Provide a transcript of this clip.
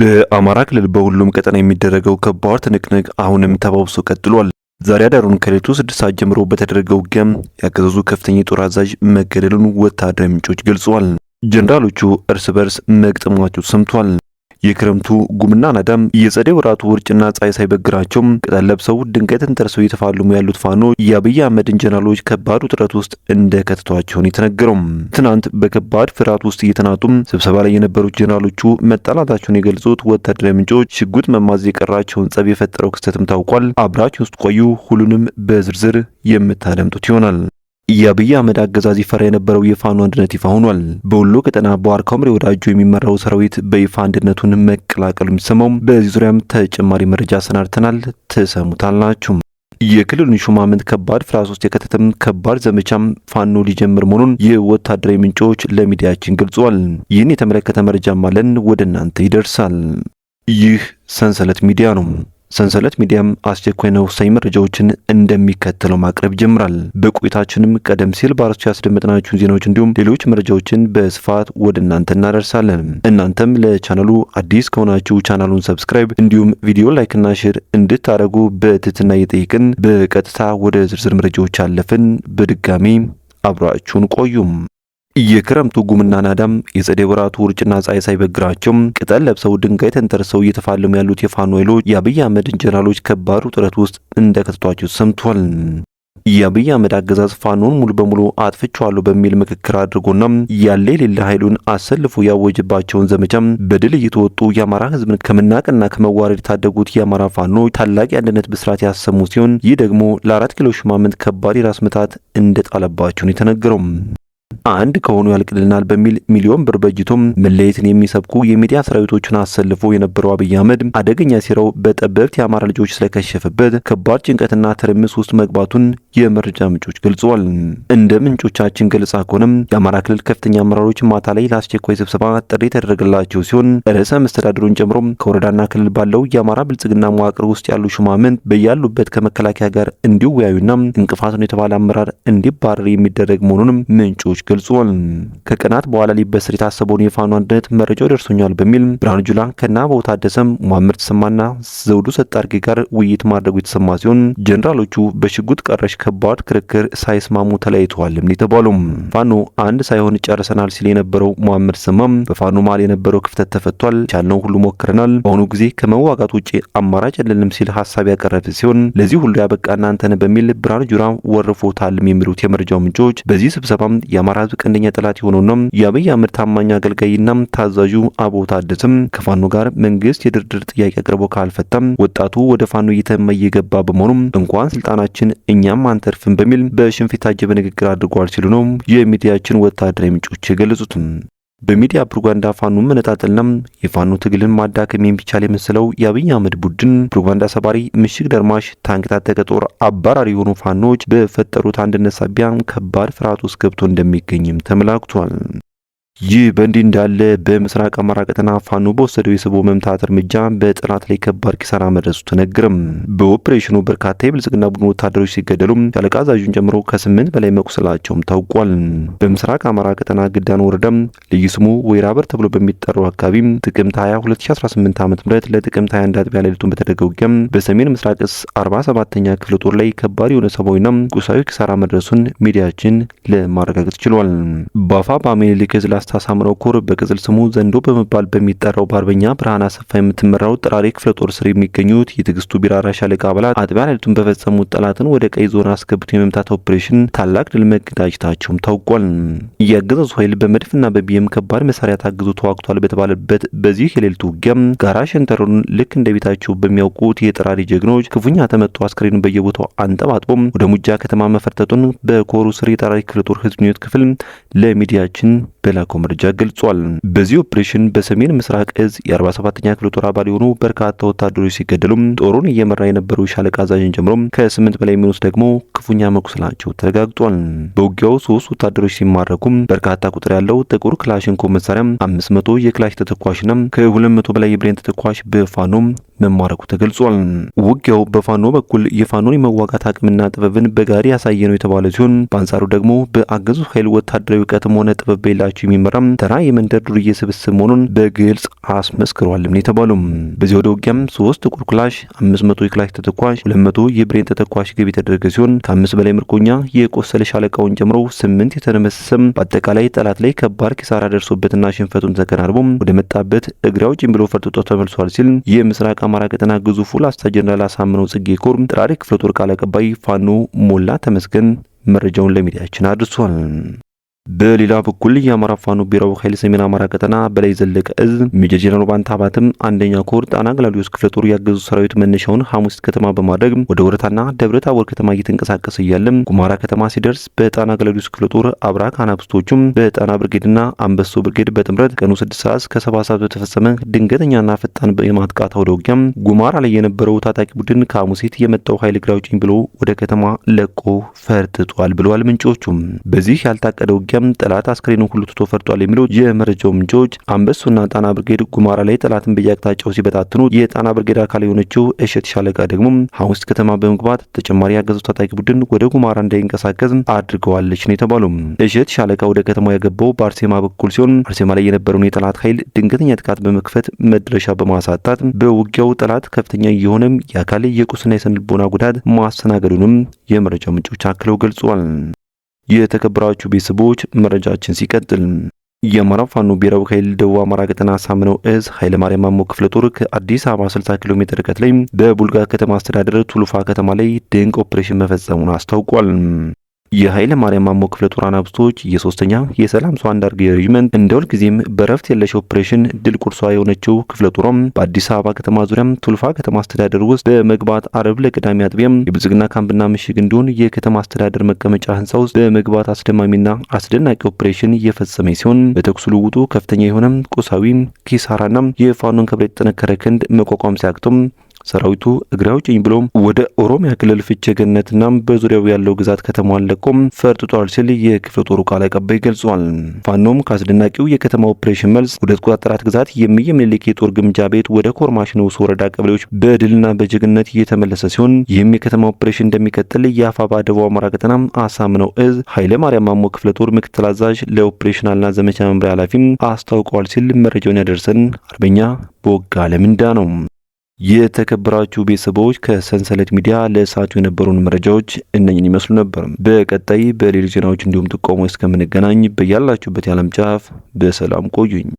በአማራ ክልል በሁሉም ቀጠና የሚደረገው ከባድ ትንቅንቅ አሁንም ተባብሶ ቀጥሏል። ዛሬ አዳሩን ከሌቱ ስድስት ሰዓት ጀምሮ በተደረገው ውጊያም ያገዘዙ ከፍተኛ የጦር አዛዥ መገደሉን ወታደራዊ ምንጮች ገልጸዋል። ጀኔራሎቹ እርስ በርስ መግጠማቸው ሰምቷል። የክረምቱ ጉምና ነደም የጸደይ ወራቱ ውርጭና ፀሐይ ሳይበግራቸውም ቅጠል ለብሰው ድንጋይትን ተርሰው እየተፋለሙ ያሉት ፋኖ የአብይ አህመድን ጀነራሎች ከባድ ውጥረት ውስጥ እንደከተቷቸውን የተነገረው ትናንት በከባድ ፍርሃት ውስጥ እየተናጡም ስብሰባ ላይ የነበሩት ጀነራሎቹ መጣላታቸውን የገልጹት ወታደራዊ ምንጮች ሽጉጥ መማዝ የቀራቸውን ጸብ የፈጠረው ክስተትም ታውቋል። አብራችን ውስጥ ቆዩ። ሁሉንም በዝርዝር የምታደምጡት ይሆናል። የአብይ አህመድ አገዛዝ ይፈራ የነበረው የፋኖ አንድነት ይፋ ሆኗል። በወሎ ቀጠና በዋር ካምሬ ወዳጆ የሚመራው ሰራዊት በይፋ አንድነቱን መቀላቀሉ የሚሰማው በዚህ ዙሪያም ተጨማሪ መረጃ ሰናድተናል ትሰሙታላችሁ። የክልሉን ሹማምንት ከባድ ፍራስ ውስጥ የከተተም ከባድ ዘመቻም ፋኖ ሊጀምር መሆኑን የወታደራዊ ምንጮች ለሚዲያችን ገልጸዋል። ይህን የተመለከተ መረጃም አለን፣ ወደ እናንተ ይደርሳል። ይህ ሰንሰለት ሚዲያ ነው። ሰንሰለት ሚዲያም ነው ወሳኝ መረጃዎችን እንደሚከተለው ማቅረብ ይጀምራል። በቆይታችንም ቀደም ሲል በአርስቱ ያስደመጥናችሁን ዜናዎች እንዲሁም ሌሎች መረጃዎችን በስፋት ወደ እናንተ እናደርሳለን። እናንተም ለቻናሉ አዲስ ከሆናችሁ ቻናሉን ሰብስክራይብ እንዲሁም ቪዲዮ ላይክና ሼር እንድታደርጉ በትህትና እየጠየቅን በቀጥታ ወደ ዝርዝር መረጃዎች አለፍን። በድጋሚ አብራችሁን ቆዩም። የክረምቱ ጉምና ናዳም የጸደይ ወራቱ ውርጭና ፀሐይ ሳይበግራቸው ቅጠል ለብሰው ድንጋይ ተንተርሰው እየተፋለሙ ያሉት የፋኖ ኃይሎች የአብይ አህመድን ጀነራሎች ከባድ ውጥረት ውስጥ እንደከተቷቸው ሰምቷል። የአብይ አህመድ አገዛዝ ፋኖን ሙሉ በሙሉ አጥፍቼዋለሁ በሚል ምክክር አድርጎና ያለ የሌለ ኃይሉን አሰልፎ ያወጅባቸውን ዘመቻ በድል እየተወጡ የአማራ ሕዝብን ከመናቅና ከመዋረድ የታደጉት የአማራ ፋኖች ታላቅ የአንድነት ብስራት ያሰሙ ሲሆን ይህ ደግሞ ለአራት ኪሎ ሹማምንት ከባድ የራስ ምታት እንደጣለባቸው የተነገረው። አንድ ከሆኑ ያልቅልናል በሚል ሚሊዮን ብር በጅቶም መለየትን የሚሰብኩ የሚዲያ ሰራዊቶችን አሰልፎ የነበረው አብይ አህመድ አደገኛ ሴራው በጠበብት የአማራ ልጆች ስለከሸፈበት ከባድ ጭንቀትና ትርምስ ውስጥ መግባቱን የመረጃ ምንጮች ገልጸዋል። እንደ ምንጮቻችን ገለጻ ከሆነም የአማራ ክልል ከፍተኛ አመራሮች ማታ ላይ ለአስቸኳይ ስብሰባ ጥሪ የተደረገላቸው ሲሆን ርዕሰ መስተዳድሩን ጨምሮ ከወረዳና ክልል ባለው የአማራ ብልጽግና መዋቅር ውስጥ ያሉ ሹማምንት በያሉበት ከመከላከያ ጋር እንዲወያዩና እንቅፋቱን የተባለ አመራር እንዲባረር የሚደረግ መሆኑንም ምንጮች ገልጿል። ከቀናት በኋላ ሊበስር የታሰበውን የፋኖ አንድነት መረጃው ደርሶኛል በሚል ብርሃኑ ጁላ ከና በውታደሰም ሟምር ተሰማና ዘውዱ ሰጣርጌ ጋር ውይይት ማድረጉ የተሰማ ሲሆን ጀኔራሎቹ በሽጉጥ ቀረሽ ከባድ ክርክር ሳይስማሙ ተለያይተዋልም የተባሉም ፋኖ አንድ ሳይሆን ጨርሰናል ሲል የነበረው መሐመድ ሰማም በፋኖ መሃል የነበረው ክፍተት ተፈቷል፣ ቻልነው ሁሉ ሞክረናል፣ በአሁኑ ጊዜ ከመዋጋት ውጭ አማራጭ የለንም ሲል ሀሳብ ያቀረበ ሲሆን ለዚህ ሁሉ ያበቃ እናንተን በሚል ብርሃኑ ጁራ ወርፎታልም የሚሉት የመረጃው ምንጮች በዚህ ስብሰባም የአማራ ህዝብ ቀንደኛ ጠላት የሆነውና የአብይ አህመድ ታማኝ አገልጋይና ታዛዡ አብዮ ታደሰም ከፋኖ ጋር መንግስት የድርድር ጥያቄ አቅርቦ ካልፈታም ወጣቱ ወደ ፋኖ እየተመ እየገባ በመሆኑም እንኳን ስልጣናችን እኛም አንተርፍም በሚል በሽንፊት ታጀበ ንግግር አድርጓል ሲሉ ነው የሚዲያችን ወታደራዊ ምንጮች የገለጹትም። በሚዲያ ፕሮፓጋንዳ ፋኖን መነጣጠልና የፋኖ ትግልን ማዳከም የሚቻል የመሰለው የአብይ አህመድ ቡድን ፕሮፓጋንዳ ሰባሪ፣ ምሽግ ደርማሽ፣ ታንክ ታጠቀ ጦር አባራሪ የሆኑ ፋኖች በፈጠሩት አንድነት ሳቢያ ከባድ ፍርሃት ውስጥ ገብቶ እንደሚገኝም ተመላክቷል። ይህ በእንዲህ እንዳለ በምስራቅ አማራ ቀጠና ፋኖ በወሰደው የስቦ መምታት እርምጃ በጠላት ላይ ከባድ ኪሳራ መድረሱ ተነግርም። በኦፕሬሽኑ በርካታ የብልጽግና ቡድን ወታደሮች ሲገደሉም ሻለቃ አዛዡን ጨምሮ ከስምንት በላይ መቁሰላቸውም ታውቋል። በምስራቅ አማራ ቀጠና ግዳን ወረዳም ልዩ ስሙ ወይራበር ተብሎ በሚጠራው አካባቢ ጥቅምት 20 2018 ዓ ም ለጥቅምት 21 አጥቢያ ሌሊቱን በተደረገው ውጊያም በሰሜን ምስራቅ እስ 47ኛ ክፍለ ጦር ላይ ከባድ የሆነ ሰብአዊና ቁሳዊ ኪሳራ መድረሱን ሚዲያችን ለማረጋገጥ ችሏል። ባፋ በአሜሊክዝ ላስ መንግስት አሳምነው ኮር በቅጽል ስሙ ዘንዶ በመባል በሚጠራው በአርበኛ ብርሃን አሰፋ የምትመራው ጥራሬ ክፍለ ጦር ስር የሚገኙት የትዕግስቱ ቢራራ ሻለቃ አባላት አጥቢያ ሌሊቱን በፈጸሙት ጠላትን ወደ ቀይ ዞን አስገብቶ የመምታት ኦፕሬሽን ታላቅ ድል መቀዳጀታቸውም ታውቋል። የአገዛዙ ኃይል በመድፍና በቢየም ከባድ መሳሪያ ታግዞ ተዋግቷል በተባለበት በዚህ የሌሊቱ ውጊያም ጋራ ሸንተሩን ልክ እንደ ቤታቸው በሚያውቁት የጥራሬ ጀግኖች ክፉኛ ተመቶ አስከሬኑ በየቦታው አንጠባጥቦም ወደ ሙጃ ከተማ መፈርጠጡን በኮሩ ስር የጠራሪ ክፍለ ጦር ህዝብ ክፍል ለሚዲያችን በላኮ ባለፈው መረጃ ገልጿል። በዚህ ኦፕሬሽን በሰሜን ምስራቅ እዝ የ47ኛ ክፍለ ጦር አባል የሆኑ በርካታ ወታደሮች ሲገደሉም ጦሩን እየመራ የነበረው ሻለቃ አዛዥን ጨምሮ ከስምንት በላይ የሚሆኑት ደግሞ ክፉኛ መቁሰላቸው ተረጋግጧል። በውጊያው ሶስት ወታደሮች ሲማረኩም በርካታ ቁጥር ያለው ጥቁር ክላሽንኮ መሳሪያ፣ 500 የክላሽ ተተኳሽና ከ200 በላይ የብሬን ተተኳሽ በፋኖም መማረኩ ተገልጿል። ውጊያው በፋኖ በኩል የፋኖን የመዋጋት አቅምና ጥበብን በጋሪ ያሳየ ነው የተባለ ሲሆን በአንጻሩ ደግሞ በአገዙ ኃይል ወታደራዊ እውቀትም ሆነ ጥበብ በሌላቸው የሚመራ ተራ የመንደር ዱርዬ ስብስብ መሆኑን በግልጽ አስመስክሯልም ነው የተባሉ። በዚህ ወደ ውጊያም ሶስት ጥቁር ክላሽ፣ አምስት መቶ የክላሽ ተተኳሽ፣ ሁለት መቶ የብሬን ተተኳሽ ገቢ የተደረገ ሲሆን ከአምስት በላይ ምርኮኛ የቆሰለ ሻለቃውን ጨምሮ ስምንት የተደመሰሰም በአጠቃላይ ጠላት ላይ ከባድ ኪሳራ ደርሶበትና ሽንፈቱን ተከናርቦ ወደ መጣበት እግሬ አውጭኝ ብሎ ፈርጥጦ ተመልሷል ሲል የምስራቅ አማራ ቀጠና ግዙፉ ላስታ ጀነራል አሳምነው ጽጌ ኮር ጥራሪ ክፍለ ጦር ቃል አቀባይ ፋኖ ሞላ ተመስገን መረጃውን ለሚዲያችን አድርሷል። በሌላ በኩል የአማራ ፋኖ ብሔራዊ ኃይል ሰሜን አማራ ቀጠና በላይ ዘለቀ እዝ ሜጀር ጄኔራል ባንታ አባትም አንደኛ ኮር ጣና ገላውዲዮስ ክፍለ ጦር ያገዙ ሰራዊት መነሻውን ሐሙሲት ከተማ በማድረግ ወደ ወረታና ደብረ ታቦር ከተማ እየተንቀሳቀሰ እያለም ጉማራ ከተማ ሲደርስ በጣና ገላውዲዮስ ክፍለ ጦር አብራክ አናብስቶቹም በጣና ብርጌድና አንበሶ ብርጌድ በጥምረት ቀኑ 6 ሰዓት እስከ 7 ሰዓት በተፈጸመ ድንገተኛና ፈጣን የማጥቃት አውደ ውጊያም ጉማራ ላይ የነበረው ታጣቂ ቡድን ከሐሙሲት የመጣው ኃይል ግራውጭኝ ብሎ ወደ ከተማ ለቆ ፈርጥጧል ብለዋል ምንጮቹም። በዚህ ያልታቀደው ውጊያም ጠላት አስክሬኑ ሁሉ ትቶ ፈርጧል የሚለው የመረጃው ምንጮች አንበሱና ጣና ብርጌድ ጉማራ ላይ ጠላትን በየአቅጣጫው ሲበታትኑ የጣና ብርጌድ አካል የሆነችው እሸት ሻለቃ ደግሞ ሐውስ ከተማ በመግባት ተጨማሪ ያገዘው ታጣቂ ቡድን ወደ ጉማራ እንዳይንቀሳቀስ አድርገዋለች ነው የተባሉ። እሸት ሻለቃ ወደ ከተማው ያገባው በአርሴማ በኩል ሲሆን አርሴማ ላይ የነበረውን የጠላት ኃይል ድንገተኛ ጥቃት በመክፈት መድረሻ በማሳጣት በውጊያው ጠላት ከፍተኛ የሆነም የአካል የቁስና የስነ ጉዳት ማስተናገዱንም የመረጃ ምንጮች አክለው ገልጿል። የተከበራችሁ ቤተሰቦች መረጃችን ሲቀጥል የአማራ ፋኖ ብሔራዊ ኃይል ደቡብ አማራ ቀጠና ሳምነው እዝ ኃይለ ማርያም ማሞ ክፍለ ጦር ከአዲስ አበባ 60 ኪሎ ሜትር ርቀት ላይ በቡልጋ ከተማ አስተዳደር ቱሉፋ ከተማ ላይ ድንቅ ኦፕሬሽን መፈጸሙን አስታውቋል። የኃይለ ማርያም ማሞ ክፍለ ጦር አናብስቶች የሶስተኛ የሰላም ሰው አንዳርጌ ሬጅመንት እንደ ሁልጊዜም በረፍት የለሽ ኦፕሬሽን ድል ቁርሷ የሆነችው ክፍለ ጦሯም በአዲስ አበባ ከተማ ዙሪያም ቱልፋ ከተማ አስተዳደር ውስጥ በመግባት አረብ ለቅዳሜ አጥቢያም የብልጽግና ካምፕና ምሽግ እንዲሆን የከተማ አስተዳደር መቀመጫ ህንፃ ውስጥ በመግባት አስደማሚና አስደናቂ ኦፕሬሽን እየፈጸመ ሲሆን በተኩስ ልውጡ ከፍተኛ የሆነ ቁሳዊ ኪሳራና የፋኖን ከብረ የተጠነከረ ክንድ መቋቋም ሲያቅቶም ሰራዊቱ እግሬ አውጭኝ ብሎም ወደ ኦሮሚያ ክልል ፍቼ ገነትና በዙሪያው ያለው ግዛት ከተማዋን ለቆም ፈርጥጧል ሲል የክፍለ ጦሩ ቃል አቀባይ ገልጿል። ፋኖም ከአስደናቂው የከተማ ኦፕሬሽን መልስ ወደ ተቆጣጠራት ግዛት የሚየ ምኒልክ የጦር ግምጃ ቤት ወደ ኮርማሽ ንዑስ ወረዳ ቀበሌዎች በድልና በጀግነት እየተመለሰ ሲሆን ይህም የከተማ ኦፕሬሽን እንደሚቀጥል የአፋባ ደቡብ አማራ ቀጠና አሳምነው እዝ ኃይለ ማርያም ማሞ ክፍለ ጦር ምክትል አዛዥ ለኦፕሬሽናልና ዘመቻ መምሪያ ኃላፊም አስታውቀዋል ሲል መረጃውን ያደርሰን አርበኛ በወጋ ለምንዳ ነው። የተከበራችሁ ቤተሰቦች ከሰንሰለት ሚዲያ ለሰዓቱ የነበሩን መረጃዎች እነኝን ይመስሉ ነበር። በቀጣይ በሌሎች ዜናዎች እንዲሁም ጥቆሞ እስከምንገናኝ በያላችሁበት የዓለም ጫፍ በሰላም ቆዩኝ።